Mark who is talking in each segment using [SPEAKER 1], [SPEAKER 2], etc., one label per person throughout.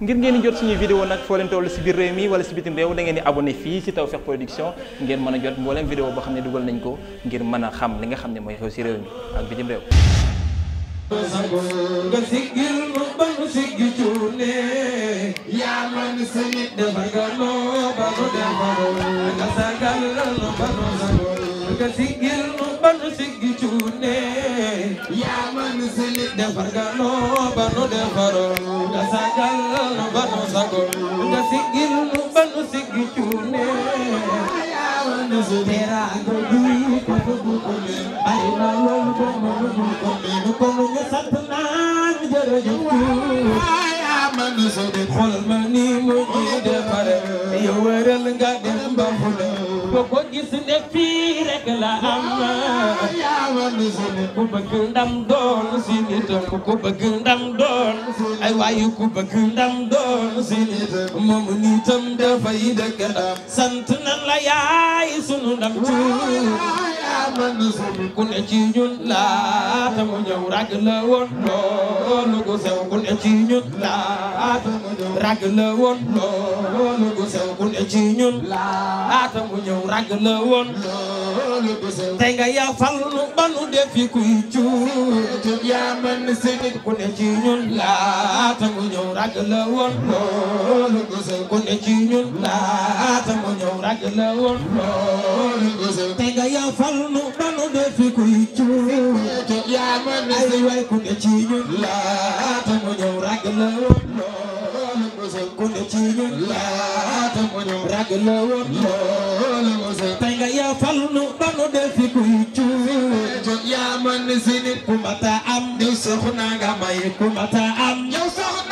[SPEAKER 1] ngir ngeen di jot suñuy vidéo nag foo leen toll si biir réew mi wala si bitim réew da ngeen di abonné fii si Tawfekh Production ngeen mën a jot mbooleem vidéo boo xam ne dugal nañ ko ngir mën a xam li nga xam ne mooy xew si réew mi ak bitim réew nga siggil mu banu siggi cuune yaa man sa nit dafa ganoo ba nu defaroo nga sagal lanu banu sagol nga siggil mu banu siggi cuune yaa man sa nit dafa ganoo ba nu defaroo nga sagal teraanga ji ko bëgg ko ni mu ji defare yow wëral nga ba fule ko ko gis ne fii rek la am ku bëgg ndam doon si nitam ku bëgg ndam doon ay waayu ku bëgg ndam doon si nitam moom nitam dafay dëkk sant la yaay sunu ndam cuun ku ne ci ñun laata mu ñëw rag la woon loolu gu sew ku ne ci ñun laata mu ñëw rag la woon loolu gu sew ku ne ci ñun laata mu ñëw rag la woon loolu gu sew tey nga yaa fal nu ba nu defi kuy cuun yaa mën sënit ku ne ci ñun laata mu ñëw rag la woon loolu gu sew ku ne ci ñun laata te nga yaa fal nu ba nu def kuy cuub ay way ku ne ci ñun laata mu ñëw rag la woon lool ku ne ci ñun laata mu ñëw rag la woon lool te nga yaa fal nu ba nu def kuy cuub yaa man si nit ku mata am yow soxna nga may ku mata am yow soxna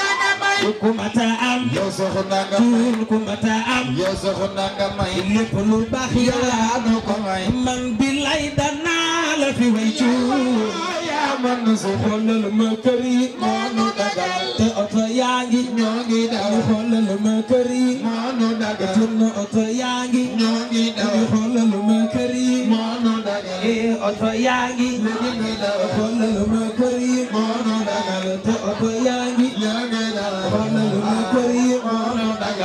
[SPEAKER 1] ku mata am yow soxna nga may ku mata am yow soxna nga may lépp lu baax yaa nu ko may man bilay danaa la fi way cuur yaa man nu su xoolal ma kër yi moo nu dagal te oto yaa ngi ñoo ngi daw xoolal ma kër yi moo nu dagal turna oto yaa ngi ñoo ngi daw xoolal ma kër yi moo nu dagal ee oto yaa ngi ñoo ngi daw xoolal ma kër yi moo nu dagal te oto yaa ngi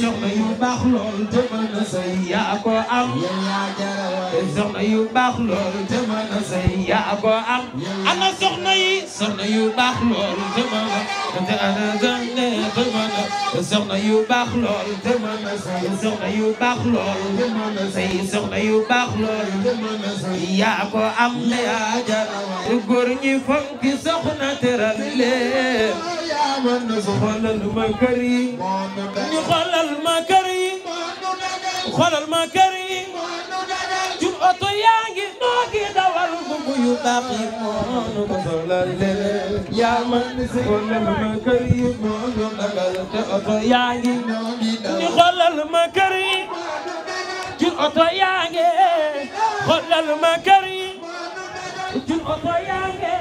[SPEAKER 1] soxna yu baax lool te mën a sëy yaa ko am soxna yu baax lool te mën a sëy yaa ko am ana soxna yi soxna yu baax lool te mën a te ana gane te mën a soxna yu baax lool te mën a sëy soxna yu baax lool te mën a sëy soxna yu baax lool te mën a sëy yaa ko am ne yaa jar góor ñi fonki soxna teral leen ñu xoolal ma kër yi ñu xoolal ma kër yi xoolal ma kër yi jur oto yaa ngi noo ngi dawal mbubb yu baax yi moo ñu ko solal leen yaa man si xoolal ma kër yi moo ñu dagal te oto yaa ngi ñu xoolal ma kër yi jur oto yaa ngi xoolal ma kër yi jur oto yaa ngi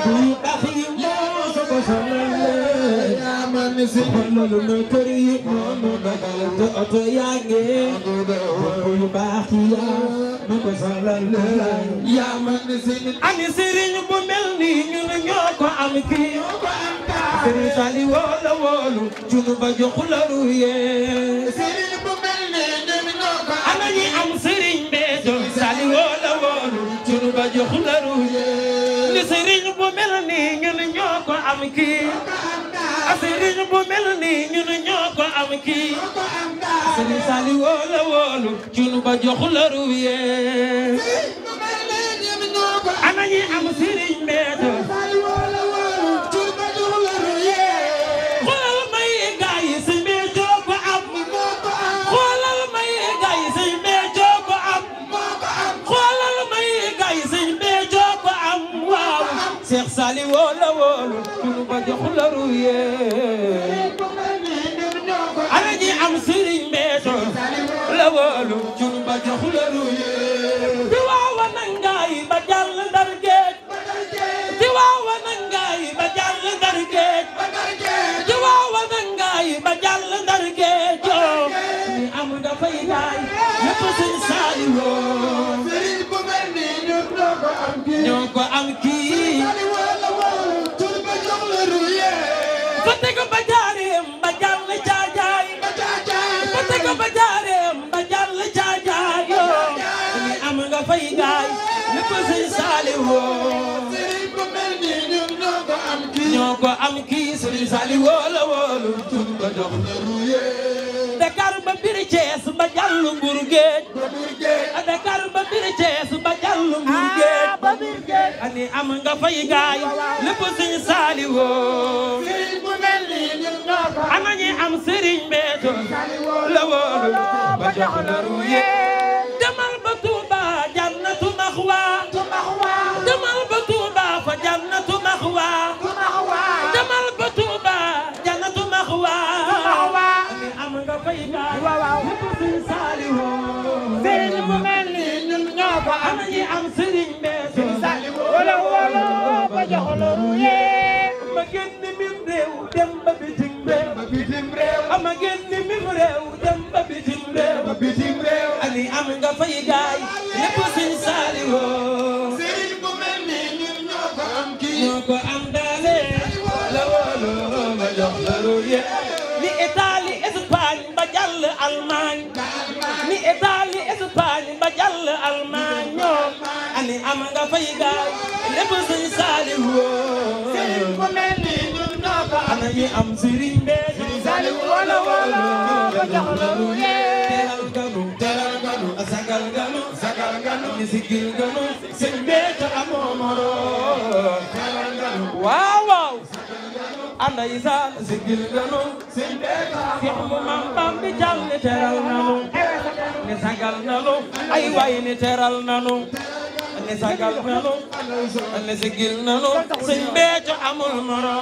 [SPEAKER 1] xoolal ma kër yi moomu dagal te oto yaa ngi ko yu baax yi ma ko soxlal yaa ma ni sëriñ ani sëriñ bu mel ni ñun ñoo ko am kii sëriñ Sali wóolu wóolu cunu ba joxu la ruyee sëriñ bu mel ni ñun ñoo ko am ana ñi am sëriñ bee jox Sali wóolu wóolu cunu ba joxu la ruyee mel nii ñun ñoo ko am kii sëriñ bu mel nii ñun ñoo ko am kii sëriñ Saliou wóolu wóolu cun ba jox la ruye ana ñi am sëriñ mbeeto la wóolu jur ba jox la ruye di waawa nangaay ba jàll dar géej di waawa nangaay ba jàll dar géej di waawa nangaay ba jàll dar géej joo ñi am dafay daay ñëpp sëñ saali woo ñoo ko am kii ko ba jaareem ba jàll caajaay fete ko ba jaareem ba jàll caajaay yoo ni am nga fay gaay ni ko sëñ Saaliwoo ñoo ko am kii sëñ Saali wóolu wóolu tur ba dox na ruye Dakar ba biir Cees ba jàll Mbuur Géej Dakar ba biir Cees ba jàll Mbuur ah, Géej ani am nga fay gaay lépp sëñ Saali wóolu ana ñi am sëriñ Béthio la wóolu ba jox la ruye demal ba Touba jannatu maxwa demal ba Touba fa jannatu maxwa demal ba Touba jannatu maxwa ni am nga fay gaay lépp suñ saaliho sëriñ bu mel ni ñun ñoo fa am ana ñi am sëriñ Béthio la wóolu ba jox la ruye ma génn mim réew dem ba bitim réew ba am nga fay gaay lépp Sëriñ Saaliwu sëriñ bu mel ni ñun ko am kii ñoo ko am daale la woolo ma jox la ruye ni Italie ba jàll Allemagne ni Italie ani am nga fay gaay lépp Sëriñ Saaliwu sëriñ waaw waaw anda isaan sigil ganu sin beka mu mam bam bi jal ni teral nanu ni sagal nanu ay way ni teral nanu ni sagal nanu ni sigil nanu sin beeco amul moro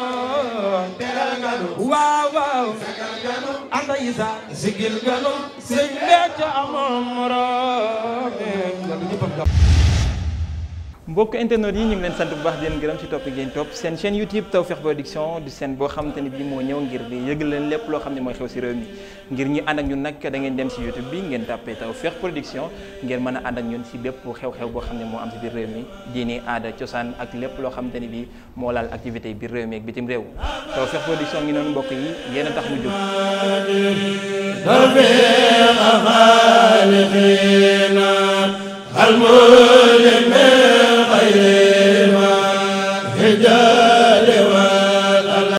[SPEAKER 1] teral nanu waaw isa sigil ganu sëñ Béthio amoon moroom mbokk internet yi ñu ngi leen sant bu baax di leen gërëm ci topp ngeen topp seen chaîne YouTube Tawfekh Production du seen boo xamante ne bii moo ñëw ngir di yëgal leen lépp loo xam ne mooy xew ci réew mi ngir ñu ànd ak ñun nag da ngeen dem ci YouTube bi ngeen tàppee Tawfekh Production ngeen mën a ànd ak ñun ci bépp xew-xew boo xam ne moo am ci biir réew mi diini aada cosaan ak lépp loo xamante ne bii moo laal activité biir réew mi ak bitim réew Tawfekh Production ngi noonu mbokk yi yéen tax mu jóg.